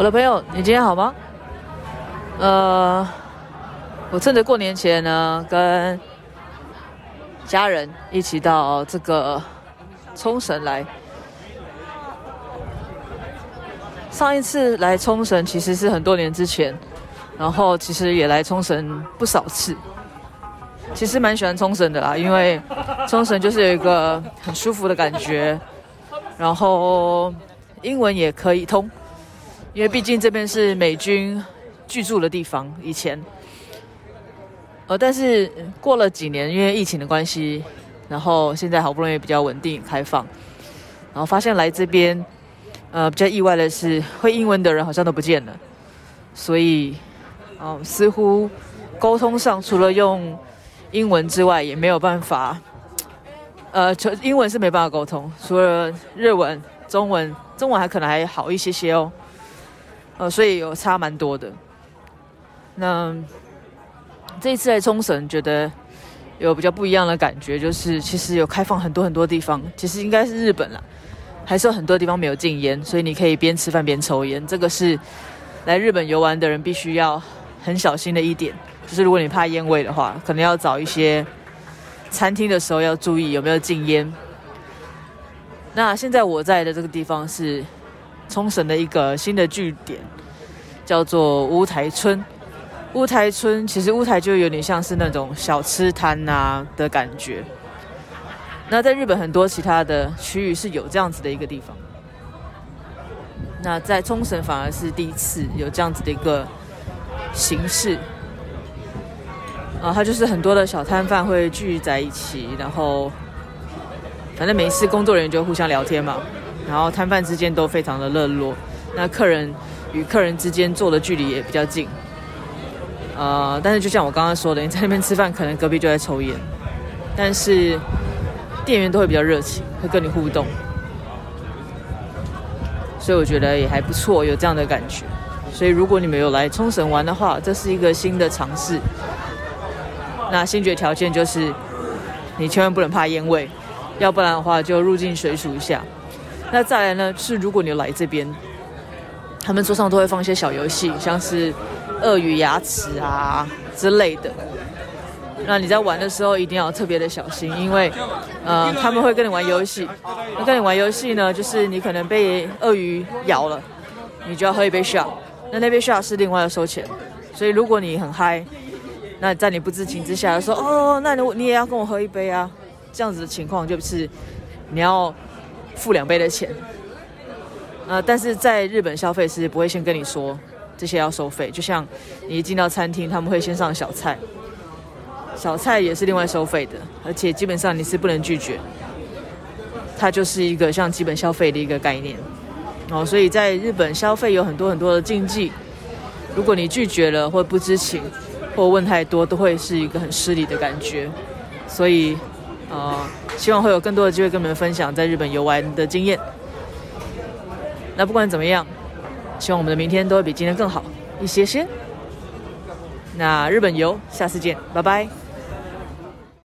我的朋友，你今天好嗎？呃，我趁着過年前呢，跟家人一起到這個沖繩來。上一次來沖繩其實是很多年之前，然後其實也來沖繩不少次，其實蠻喜歡沖繩的啦，因為沖繩就是有一個很舒服的感覺，然後英文也可以通。因為畢竟這邊是美軍居住的地方，以前，呃，但是過了幾年，因為疫情的關係，然後現在好不容易比較穩定開放，然後發現來這邊，呃，比較意外的是，會英文的人好像都不見了，所以，哦、呃，似乎溝通上除了用英文之外，也沒有辦法，呃，全英文是沒辦法溝通，除了日文、中文，中文還可能還好一些些哦。呃、哦，所以有差蠻多的。那這一次來沖繩，覺得有比較不一樣的感覺，就是其實有開放很多很多地方，其實應該是日本啦，還是有很多地方沒有禁煙，所以你可以邊吃飯邊抽菸。這個是來日本遊玩的人必須要很小心的一點，就是如果你怕煙味的話，可能要找一些餐廳的時候要注意有沒有禁菸。那現在我在的這個地方是。沖繩的一個新的據點叫做屋台村。屋台村其實屋台就有點像是那種小吃攤吶、啊、的感覺。那在日本很多其他的區域是有這樣子的一個地方。那在沖繩反而是第一次有這樣子的一個形式。啊，它就是很多的小攤販會聚在一起，然後反正每一次工作人員就互相聊天嘛。然後攤販之間都非常的熱絡，那客人與客人之間坐的距離也比較近，呃，但是就像我剛剛說的，你在那邊吃飯可能隔壁就在抽煙，但是店員都會比較熱情，會跟你互動，所以我覺得也還不錯，有這樣的感覺。所以如果你們有來沖繩玩的話，這是一個新的嘗試。那先決條件就是，你千萬不能怕煙味，要不然的話就入境隨俗一下。那再來呢？是如果你來這邊，他們桌上都會放一些小遊戲，像是鱷魚牙齒啊之類的。那你在玩的時候一定要特別的小心，因為，呃，他們會跟你玩遊戲。那跟你玩遊戲呢，就是你可能被鱷魚咬了，你就要喝一杯 shot。那那杯 shot 是另外的收錢，所以如果你很嗨，那在你不知情之下說哦，那你你也要跟我喝一杯啊？這樣子的情況就是你要。付兩倍的錢，呃，但是在日本消費是不會先跟你說這些要收費，就像你一進到餐廳，他們會先上小菜，小菜也是另外收費的，而且基本上你是不能拒絕，它就是一個像基本消費的一個概念，哦，所以在日本消費有很多很多的禁忌，如果你拒絕了或不知情或問太多，都會是一個很失禮的感覺，所以。啊、呃，希望會有更多的機會跟你們分享在日本遊玩的經驗。那不管怎麼樣，希望我們的明天都會比今天更好一些些，那日本遊，下次見，拜拜。